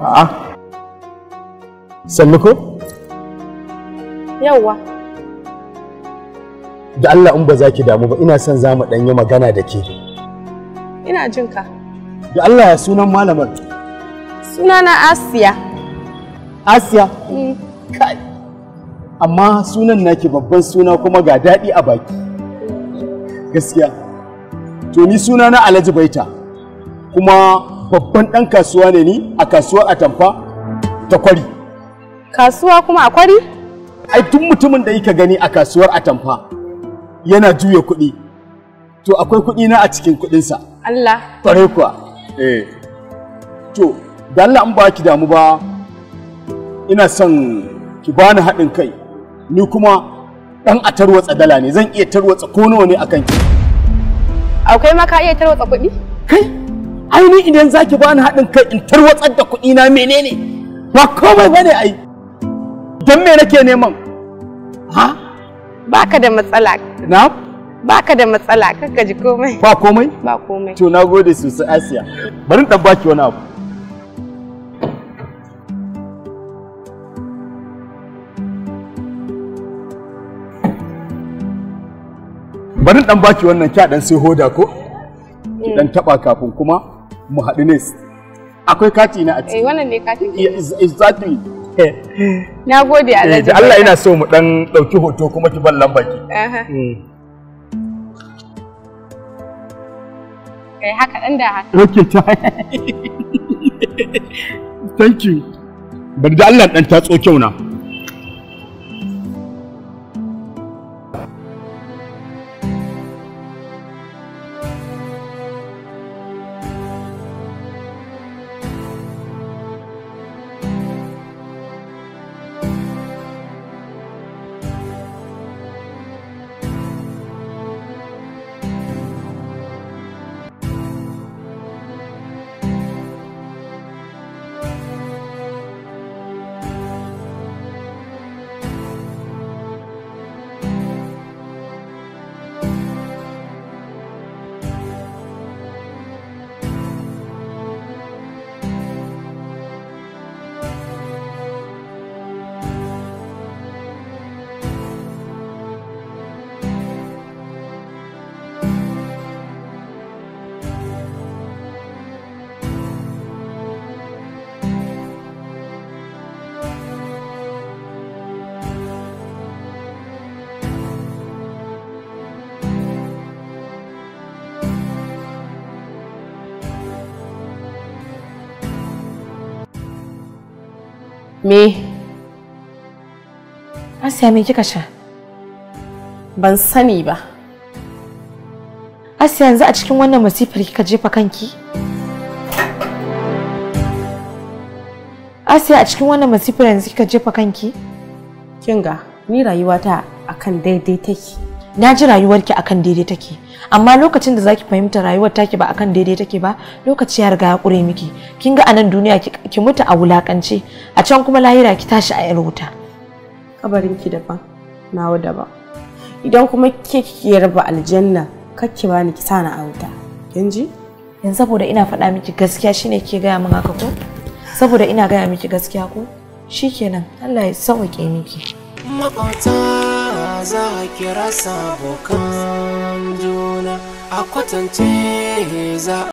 A'a. Sannu ko? Yawwa. Da Allah in ba za ki damu ba ina son za mu ɗanyi magana da ke. Ina jin ka. Da Allah ya sunan malamar. Sunana Asiya. Asiya? Mm. Kai. Amma sunan naki babban suna kuma ga daɗi a baki. Gaskiya. To ni sunana Alhaji Baita. Kuma babban ɗan kasuwa ne ni a kasuwar atamfa ta kwari kasuwa kuma a kwari ai duk mutumin da yake gani a kasuwar atamfa yana juya kuɗi to akwai kuɗi na a cikin kuɗinsa Allah kware kuwa eh to da Allah an ba ki damu ba ina son ki bani haɗin kai ni kuma ɗan a tarwatsa dala ne zan iya tarwatsa ko nawa ne akan ki akwai ma ka iya tarwatsa kuɗi kai aini idan zaki bani haɗin kai in tarwatsar da kuɗi na menene ba komai bane ai don me nake neman ha baka da matsala na baka da matsala kaka ji komai ba komai ba komai to na gode sosai asiya bari dan baki wani abu bari dan baki wannan kya dan sai hoda ko dan taba kafin kuma mu haɗu ne akwai kati na a ciki eh, wannan ne kati katin exactly na gode eh, alhaji da Allah ina so mu dan dauki hoto kuma ki ban lamba ki mm. kai haka dan da haka okay ta thank you bari da Allah dan ta tso kyau na Me? Asiya me kika sha? Ban sani ba. Asiya yanzu a cikin wannan masifar kika jefa kanki? Asiya a cikin wannan masifar yanzu kika jefa kanki? Kinga, ni rayuwata akan daidai take. na ji rayuwarki akan daidai take amma lokacin da zaki fahimta rayuwar taki ba akan daidai take ba lokaci ya riga ya kure miki kin ga anan duniya ki mutu a wulakance a can kuma lahira ki tashi a yar wuta ki daban nawa daban idan kuma ke kike yarba aljanna kakki bani ki sana a wuta kin ji yanzu saboda ina faɗa miki gaskiya shine ke gaya min haka ko saboda ina gaya miki gaskiya ko shikenan Allah ya sauke miki makwabta za a kira sabokan juna a kwatance za